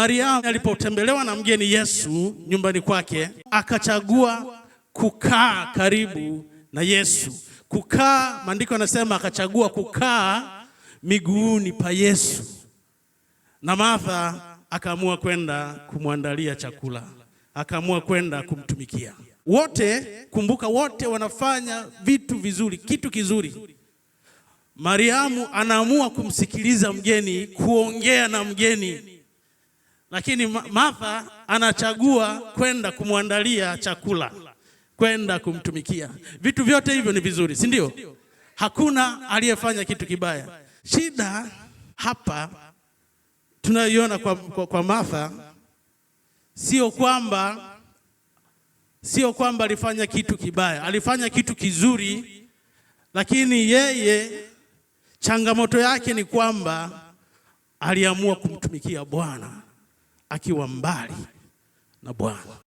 Mariamu alipotembelewa na mgeni Yesu nyumbani kwake, akachagua kukaa karibu na Yesu. Kukaa, maandiko yanasema akachagua kukaa miguuni pa Yesu, na Martha akaamua kwenda kumwandalia chakula, akaamua kwenda kumtumikia. Wote kumbuka, wote wanafanya vitu vizuri, kitu kizuri. Mariamu anaamua kumsikiliza mgeni, kuongea na mgeni lakini Martha anachagua kwenda kumwandalia chakula, kwenda kumtumikia. Vitu vyote hivyo ni vizuri, si ndio? Hakuna aliyefanya kitu kibaya. Shida hapa tunayoiona kwa, kwa, kwa Martha sio kwamba sio kwamba alifanya kitu kibaya, alifanya kitu kizuri, lakini yeye changamoto yake ni kwamba aliamua kumtumikia Bwana akiwa mbali na Bwana.